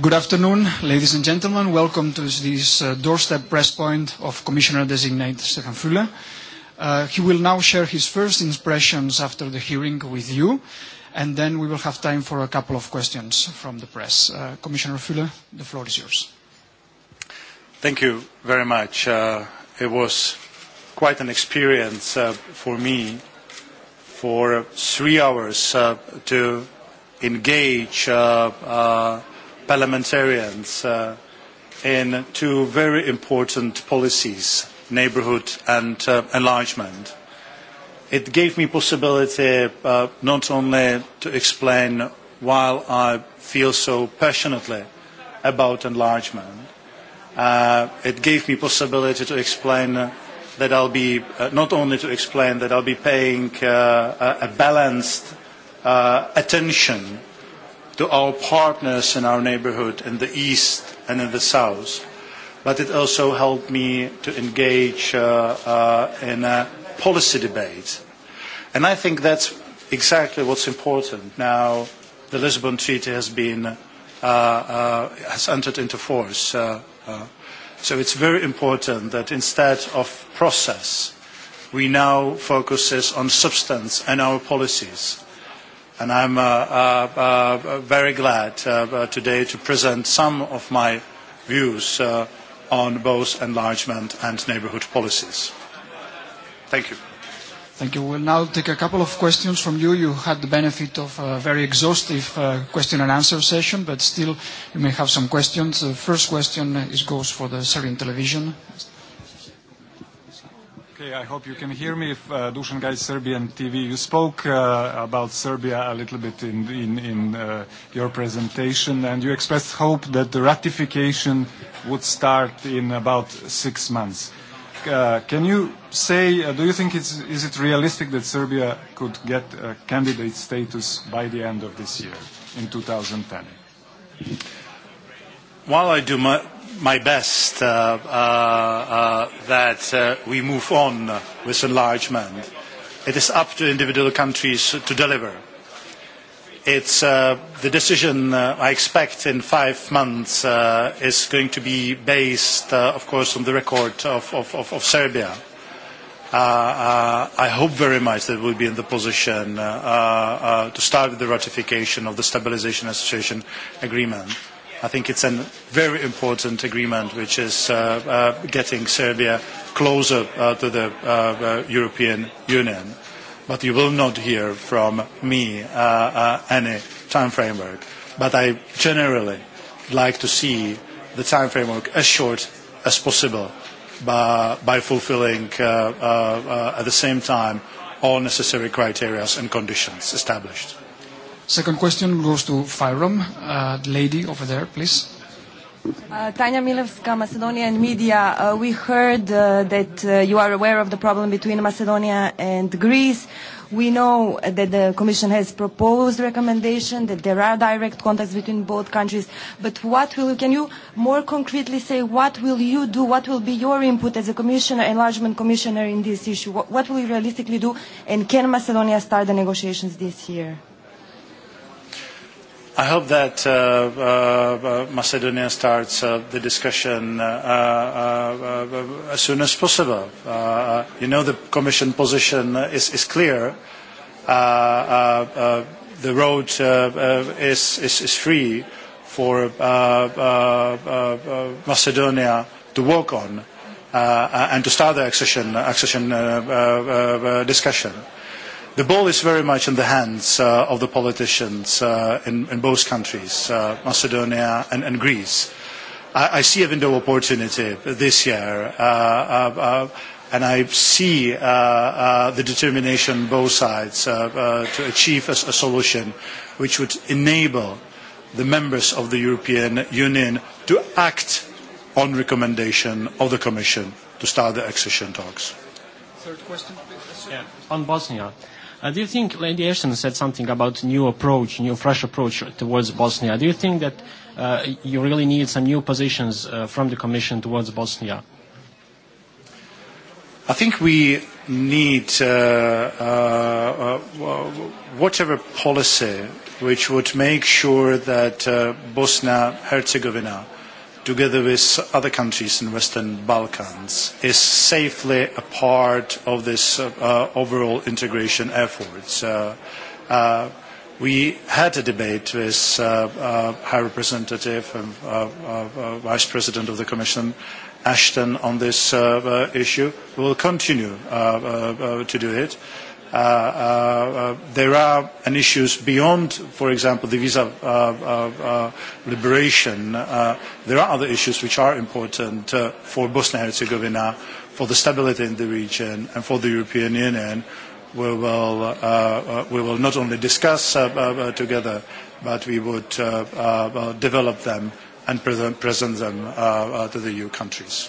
Good afternoon, ladies and gentlemen. Welcome to this uh, doorstep press point of Commissioner-designate Stefan Füle. Uh, he will now share his first impressions after the hearing with you, and then we will have time for a couple of questions from the press. Uh, Commissioner Füle, the floor is yours. Thank you very much. Uh, it was quite an experience uh, for me for three hours uh, to engage uh, uh, parliamentarians uh, in two very important policies, neighbourhood and uh, enlargement. It gave me possibility uh, not only to explain why I feel so passionately about enlargement, uh, it gave me possibility to explain that I'll be, uh, not only to explain that I'll be paying uh, a, a balanced uh, attention to our partners in our neighborhood in the east and in the south. But it also helped me to engage uh, uh, in a policy debate. And I think that's exactly what's important. Now, the Lisbon Treaty has been, uh, uh, has entered into force. Uh, uh, so it's very important that instead of process, we now focus on substance and our policies And I'm uh, uh, uh, very glad uh, uh, today to present some of my views uh, on both enlargement and neighbourhood policies. Thank you. Thank you. We'll now take a couple of questions from you. You had the benefit of a very exhaustive uh, question and answer session, but still you may have some questions. The first question is, goes for the Serbian television. Okay, I hope you can hear me. If, uh, Dušan Gajić, Serbian TV. You spoke uh, about Serbia a little bit in, in, in uh, your presentation, and you expressed hope that the ratification would start in about six months. Uh, can you say, uh, do you think it's, is it realistic that Serbia could get a candidate status by the end of this year, in 2010? While I do my my best uh, uh, uh, that uh, we move on with enlargement. It is up to individual countries to deliver. It's uh, the decision uh, I expect in five months uh, is going to be based, uh, of course, on the record of, of, of, of Serbia. Uh, uh, I hope very much that we'll be in the position uh, uh, uh to start with the ratification of the Stabilization Association Agreement. Uh, I think it's a very important agreement which is uh, uh, getting Serbia closer uh, to the uh, uh, European Union. But you will not hear from me uh, uh, any time framework. But I generally like to see the time framework as short as possible by, by fulfilling uh, uh, uh, at the same time all necessary criteria and conditions established. Second question goes to Fyrom. Uh, lady over there, please. Uh, Tanya Milevska, Macedonian media. Uh, we heard uh, that uh, you are aware of the problem between Macedonia and Greece. We know that the Commission has proposed recommendation that there are direct contacts between both countries. But what will can you more concretely say? What will you do? What will be your input as a Commissioner, Enlargement Commissioner, in this issue? What, what will you realistically do? And can Macedonia start the negotiations this year? I hope that uh, uh, Macedonia starts uh, the discussion uh, uh, uh, as soon as possible. Uh, you know the Commission position is, is clear. Uh, uh, uh, the road uh, uh, is, is, is free for uh, uh, uh, Macedonia to work on uh, and to start the accession, accession uh, uh, uh, discussion. Uh, the ball is very much in the hands uh, of the politicians uh, in, in both countries, uh, Macedonia and, and Greece. I, I see a window of opportunity this year, uh, uh, uh, and I see uh, uh, the determination on both sides uh, uh, to achieve a, a solution which would enable the members of the European Union to act on recommendation of the Commission to start the accession talks. Third question, please. Yeah. On Bosnia, Uh, do you think Lady Ashton said something about new approach, new fresh approach towards Bosnia? Do you think that uh, you really need some new positions uh, from the Commission towards Bosnia? I think we need uh, uh, uh, whatever policy which would make sure that uh, Bosnia-Herzegovina uh, together with other countries in Western Balkans, is safely a part of this uh, uh, overall integration efforts. Uh, uh, we had a debate with uh, uh, High Representative and uh, uh, uh, Vice President of the Commission, Ashton, on this uh, uh, issue. We will continue uh, uh, uh, to do it. Uh, Uh, uh, uh, there are an issues beyond, for example, the visa uh, uh, uh liberation. Uh, there are other issues which are important uh, for Bosnia-Herzegovina, for the stability in the region, and for the European Union. We will, uh, uh, we will not only discuss uh, uh, uh together, but we would uh, uh, develop them and present, present them uh, uh, to the EU countries.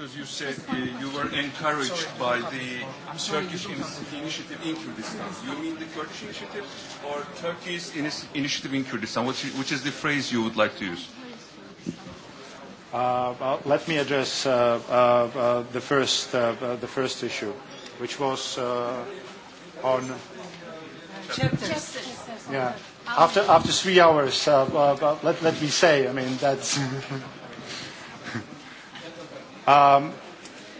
because you said uh, you were encouraged sorry, by the sorry, Turkish in initiative in Kurdistan. You mean the Kurdish initiative or Turkey's in initiative in Kurdistan? Which, which is the phrase you would like to use? Uh, well, let me address uh, uh, uh, the, first, uh, uh, the first issue, which was uh, on chapters. Yeah. After, after three hours, uh, uh, let, let me say, I mean, that's. Um,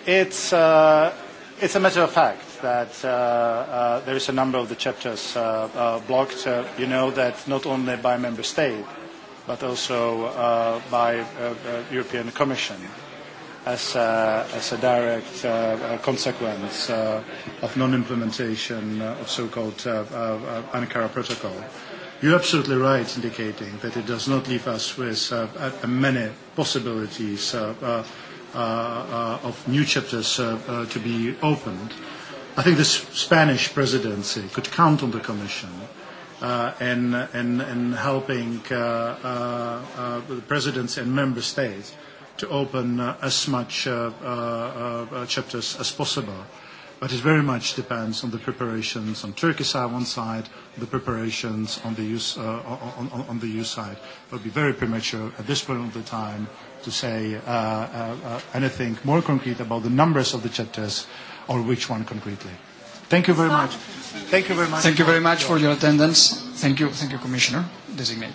it's, uh, it's a matter of fact that uh, uh, there is a number of the chapters uh, uh, blocked. Uh, you know that not only by member state, but also uh, by uh, uh, European Commission as a, uh, as a direct uh, uh, consequence uh, of non-implementation uh, of so-called uh, uh, Ankara Protocol. You're absolutely right indicating that it does not leave us with uh, many possibilities uh, uh, uh, uh, of new chapters uh, uh, to be opened, I think the Spanish presidency could count on the Commission uh, in, in, in helping uh, uh, uh, the presidency and member states to open uh, as much uh, uh, uh, chapters as possible uh, but it very much depends on the preparations on Turkey side one side, the preparations on the EU, uh, on, on, on the EU side. It would be very premature at this point of the time to say uh, uh, uh, anything more concrete about the numbers of the chapters or which one concretely. Thank you very much. Thank you very much. Thank you very much for your attendance. Thank you, thank you, Commissioner designate.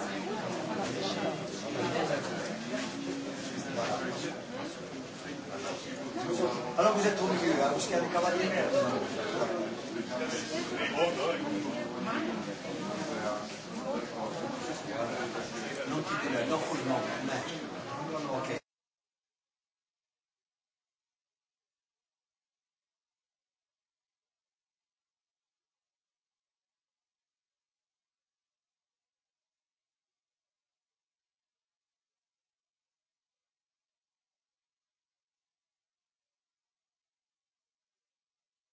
Allora cos'è torni qui, la moschea dei cavalieri? Non ti dire, dopo il nome, a me. Ok.